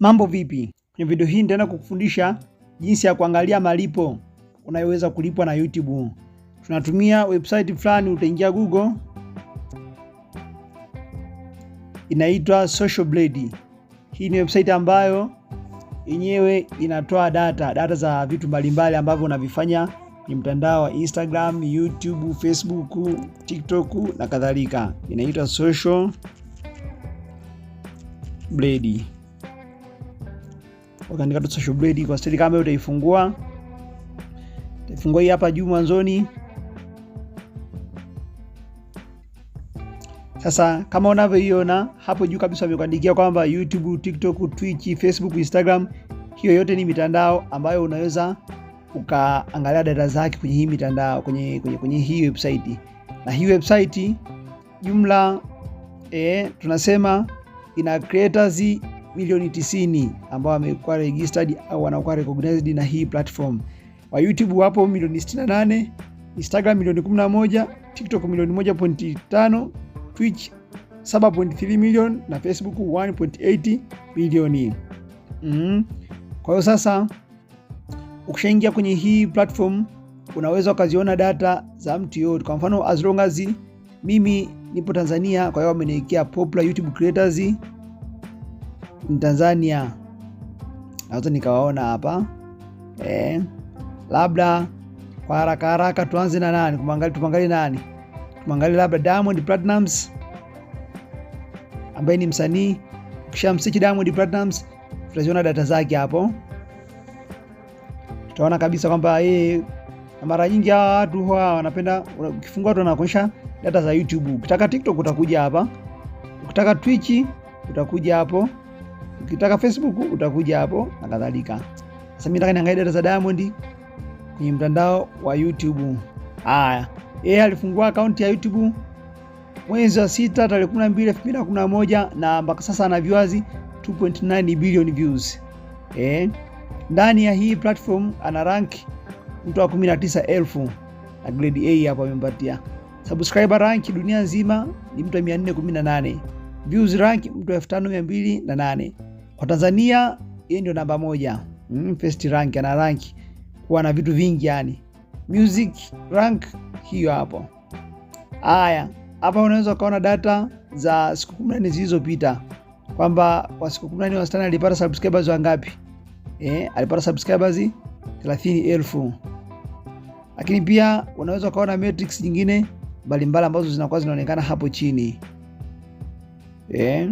Mambo vipi? Kwenye video hii nitaenda kukufundisha jinsi ya kuangalia malipo unayoweza kulipwa na YouTube. Tunatumia website fulani, utaingia Google, inaitwa Social Blade. Hii ni website ambayo yenyewe inatoa data data za vitu mbalimbali ambavyo unavifanya ni mtandao wa Instagram, YouTube, Facebook, TikTok na kadhalika. Inaitwa Social Blade wakaandika tu social blade kwa steady kama Utaifungua, utaifungua hii hapa juu mwanzoni. Sasa kama unavyoiona hapo juu kabisa, wamekuandikia kwamba YouTube, TikTok, Twitch, Facebook, Instagram, hiyo yote ni mitandao ambayo unaweza ukaangalia data zake kwenye hii mitandao, kwenye, kwenye, kwenye hii website. Na hii website jumla e, tunasema ina creators milioni 90 ambao wamekuwa registered au wanakuwa recognized na hii platform. Wa YouTube wapo milioni 68, Instagram milioni 11, TikTok milioni 1.5, Twitch 7.3 milioni na Facebook 1.8 milioni. Mm. Kwa hiyo sasa ukishaingia kwenye hii platform unaweza ukaziona data za mtu yote. Kwa mfano as long as mimi nipo Tanzania, kwa hiyo wameniwekea popular YouTube creators Mtanzania naweza nikawaona hapa eh, labda kwa haraka haraka tuanze na nani, kumwangalia tumwangalie nani, tumwangalie labda Diamond platinums ambaye ni msanii. msichi Diamond platinums tutaziona data zake hapo, tutaona kabisa kwamba yeye mara nyingi hawa watu hawa wanapenda, ukifungua tu wanakuonyesha data za YouTube. Ukitaka TikTok utakuja hapa, ukitaka Twitch utakuja hapo. Ukitaka Facebook utakuja hapo na kadhalika. Sasa mimi nataka niangalie data za Diamond kwenye mtandao wa YouTube. Haya, yeye alifungua akaunti ya YouTube mwezi wa sita tarehe 12 2011 na mpaka sasa ana viewers 2.9 billion views. Eh, ndani ya hii platform ana rank mtu wa 19,000 na grade A hapo amempatia. Subscriber rank dunia nzima ni mtu wa 418. Views rank mtu wa 5208. Kwa Tanzania yeye ndio namba moja. Mm, first rank ana rank kuwa na vitu vingi yani. Music rank hiyo hapo. Haya, hapa unaweza ukaona data za siku kumi na 14 zilizopita kwamba kwa siku kumi na 14 wastani alipata subscribers wangapi? Eh, alipata subscribers thelathini elfu Lakini pia unaweza ukaona metrics nyingine mbalimbali ambazo zinakuwa zinaonekana hapo chini. Eh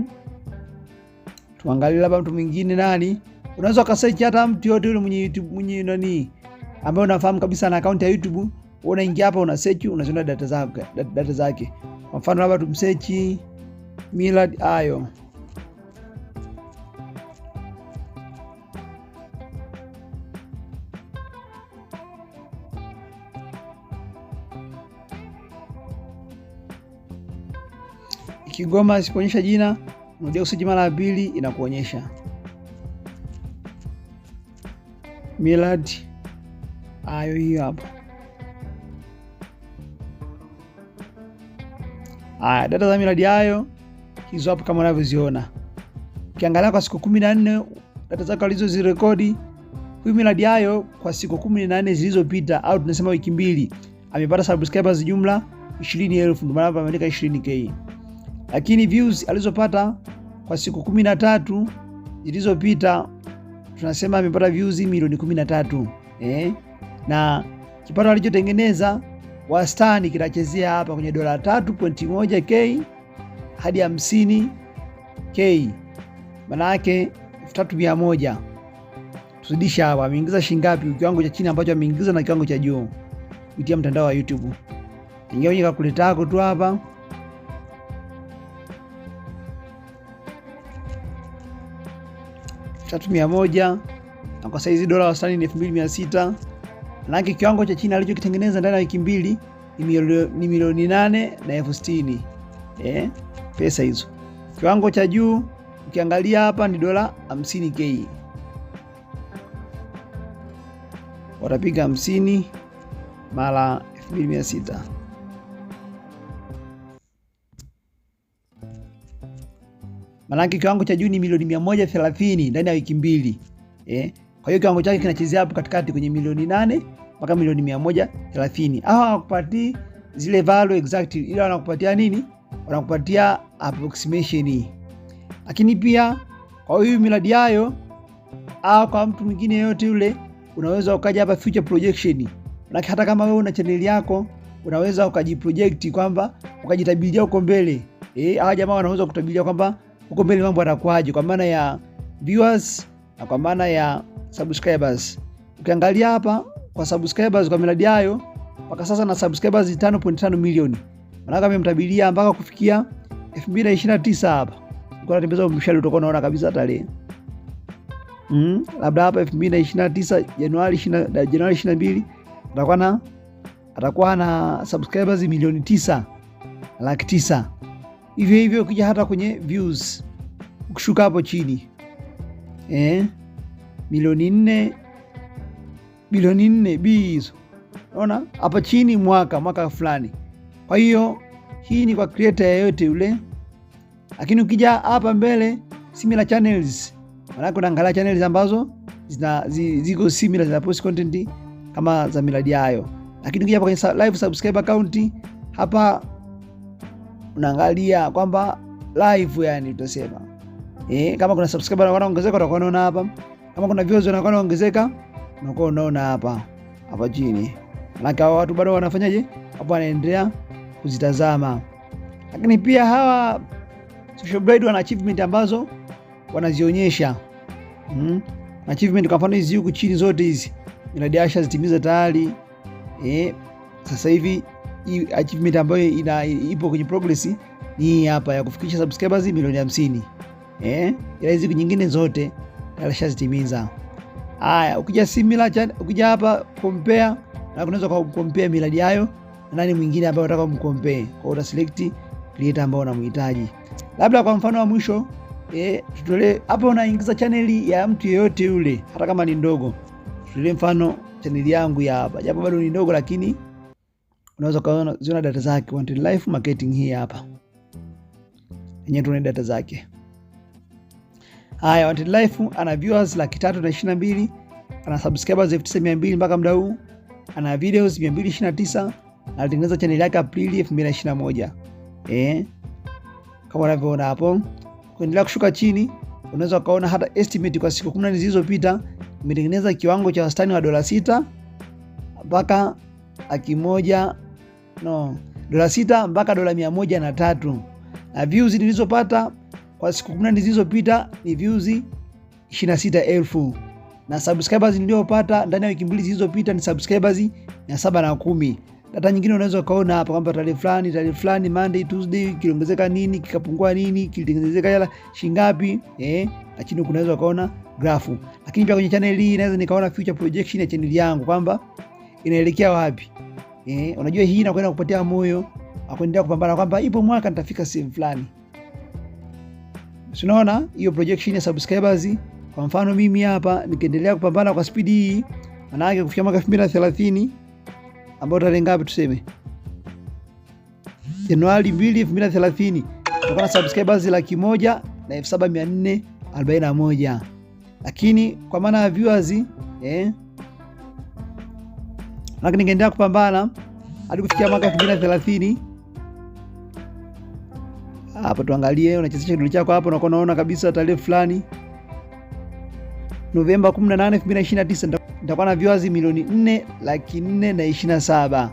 tuangalie labda mtu mwingine nani. Unaweza ukasearch hata mtu yote yule mwenye YouTube mwenye nani ambaye unafahamu kabisa na account ya YouTube, unaingia hapa una search, unaziona data zake, data zake. Kwa mfano labda tumsearch Millard Ayo. Kigoma sikuonyesha jina Rudia kusiji mara ya pili inakuonyesha miladi ayo hiyo hapo. Haya, data za miladi hayo hizo hapo, kama unavyoziona. Ukiangalia kwa siku 14 data zako alizozirekodi huyu miladi hayo kwa siku 14 zilizopita, au tunasema wiki mbili, amepata subscribers jumla 20,000 ndio maana hapa ameandika 20k lakini views alizopata kwa siku kumi na tatu zilizopita tunasema amepata views milioni kumi na tatu eh? na kipato alichotengeneza wastani kinachezea hapa kwenye dola 3.1k hadi 50k, maana yake 3100. Tuzidisha hapa, ameingiza shilingi ngapi? Kiwango cha chini ambacho ameingiza na kiwango cha juu kupitia mtandao wa YouTube. Ingia kwenye kalkuleta yako tu hapa. 3100 na kwa saizi dola wastani ni 2600 Laki kiwango cha chini alichokitengeneza ndani ya wiki mbili ni milioni nane na elfu sitini eh, pesa hizo. Kiwango cha juu ukiangalia hapa ni dola 50k, watapiga 50 mara 2600. Maanake kiwango cha juu ni milioni 130 ndani ya wiki mbili eh? Kwa hiyo kiwango chake kinachezea hapo katikati kwenye milioni nane mpaka milioni 130. Hawa hawakupatii zile value exact, ila wanakupatia nini? Wanakupatia approximation. Lakini pia kwa hiyo miradi yayo au kwa mtu mwingine yote yule, unaweza ukaja hapa future projection. Maana hata kama wewe una channel yako unaweza ukajiproject kwamba ukajitabiria uko mbele eh, hawa jamaa wanaweza kutabiria kwamba huko mbele mambo yanakuaje kwa maana ya viewers na kwa maana ya subscribers. Ukiangalia hapa kwa subscribers kwa miradi hayo mpaka sasa na subscribers 5.5 milioni. Maana kama amemtabiria mpaka kufikia 2029 hapa. Kwa natembeza mshale utakuwa unaona kabisa tarehe. Mm, labda hapa 2029 Januari 20 Januari 22 atakuwa na atakuwa na subscribers milioni 9 laki tisa hivyo hivyo, ukija hata kwenye views ukishuka hapo chini eh, milioni nne bilioni nne b hizo, unaona hapa chini, mwaka mwaka fulani. Kwa hiyo hii ni kwa creator yeyote yule, lakini ukija hapa mbele similar channels, maanake unaangalia channels ambazo zina ziko similar zina post content kama za miradi hayo, lakini ukija hapa kwenye live subscriber account hapa unaangalia kwamba live, yani tutasema eh, kama kuna subscriber anakuwa anaongezeka utakuwa unaona hapa, kama kuna views anakuwa ongezeka unakuwa unaona hapa hapa chini, na watu bado wanafanyaje hapo, wanaendelea kuzitazama. Lakini pia hawa social blade wana achievement ambazo wanazionyesha mm. Achievement kwa mfano hizi huku chini zote hizi Mnadi Asha zitimiza tayari eh, sasa hivi achievement ambayo ina, ipo kwenye progress ni hapa ya kufikisha subscribers milioni 50 eh, ila hizi nyingine zote alishazitimiza. Haya, ukija similar cha ukija hapa compare, na unaweza kwa compare miradi hayo na nani mwingine ambaye unataka kumkompea. kwa uta select creator ambaye unamhitaji. Labda kwa mfano wa mwisho eh, tutole hapa, unaingiza channel ya mtu yeyote yule, hata kama ni ndogo. Tutole mfano channel yangu ya hapa, japo bado ni ndogo lakini unaweza ukaziona data zake. One Twin Life Marketing hii hapa yenye tuna data zake. Haya, One Twin Life ana viewers laki tatu na ishirini na mbili ana subscribers elfu tisa mia mbili mpaka muda huu, ana videos 229 na alitengeneza channel yake Aprili 2021. Eh, kama unavyoona hapo, kuendelea kushuka chini, unaweza ukaona hata estimate kwa siku 14 zilizopita imetengeneza kiwango cha wastani wa dola sita mpaka laki moja no, dola sita mpaka dola mia moja na tatu na views nilizopata kwa siku 14 zilizopita ni views 26,000 na subscribers niliyopata ndani ya wiki mbili zilizopita ni subscribers na 710. Data nyingine unaweza ukaona hapa kwamba tarehe fulani tarehe fulani Monday Tuesday kiliongezeka nini kikapungua nini kilitengenezeka hela shingapi eh, na chini unaweza ukaona grafu. Lakini pia kwenye channel hii naweza nikaona future projection ya channel yangu kwamba inaelekea wapi eh, unajua hii inakwenda kupotea moyo akuendelea kupambana kwamba ipo mwaka nitafika sehemu fulani. sinaona hiyo projection ya subscribers. Kwa mfano mimi hapa nikiendelea kupambana kwa spidi hii, manake kufikia mwaka 2030 ambao tarehe ngapi tuseme Januari 2, 2030 tutakuwa na subscribers laki moja na 7441 lakini kwa maana ya viewers eh lakini ningeendelea kupambana hadi kufikia mwaka 2030. Hapo tuangalie, unachezesha kidole chako hapo, unakuwa unaona kabisa tarehe fulani, Novemba 18, 2029 nitakuwa na viewers milioni 4 laki 4 na 27,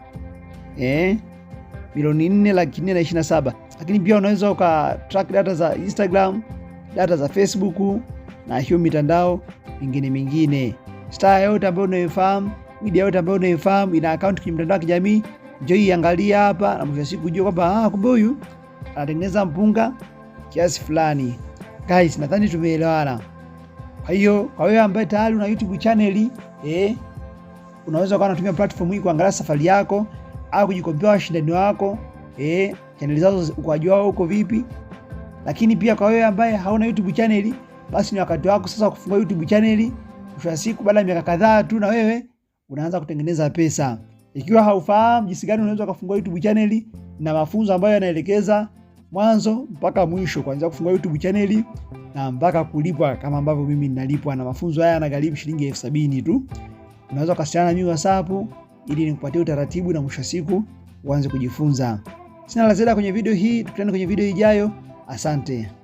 eh, milioni 4 laki 4 na 27. Lakini pia unaweza uka track data za Instagram, data za Facebook na hiyo mitandao mingine mingine, star yote ambayo unaifahamu media yote ambayo unaifahamu ina account kwenye mtandao wa kijamii, njoo iangalia hapa, na mwisho siku jua kwamba ah, kumbe huyu anatengeneza mpunga kiasi fulani. Guys, nadhani tumeelewana. Kwa hiyo kwa wewe ambaye tayari una YouTube channel eh, unaweza ukawa unatumia platform hii kuangalia safari yako au kujikompea washindani wako eh, channel zao ukajua huko vipi. Lakini pia kwa wewe ambaye hauna YouTube channel, basi ni wakati wako sasa kufungua YouTube channel. Mwisho wa siku, baada ya miaka kadhaa tu na wewe unaanza kutengeneza pesa. Ikiwa haufahamu jinsi gani unaweza kufungua YouTube channel na mafunzo ambayo yanaelekeza mwanzo mpaka mwisho kuanzia kufungua YouTube channel na mpaka kulipwa kama ambavyo mimi ninalipwa, na mafunzo haya yanagharimu shilingi elfu sabini tu. Unaweza kuwasiliana na mimi WhatsApp ili nikupatie utaratibu na mwisho siku uanze kujifunza. Sina la ziada kwenye video hii, tukutane kwenye video ijayo. Asante.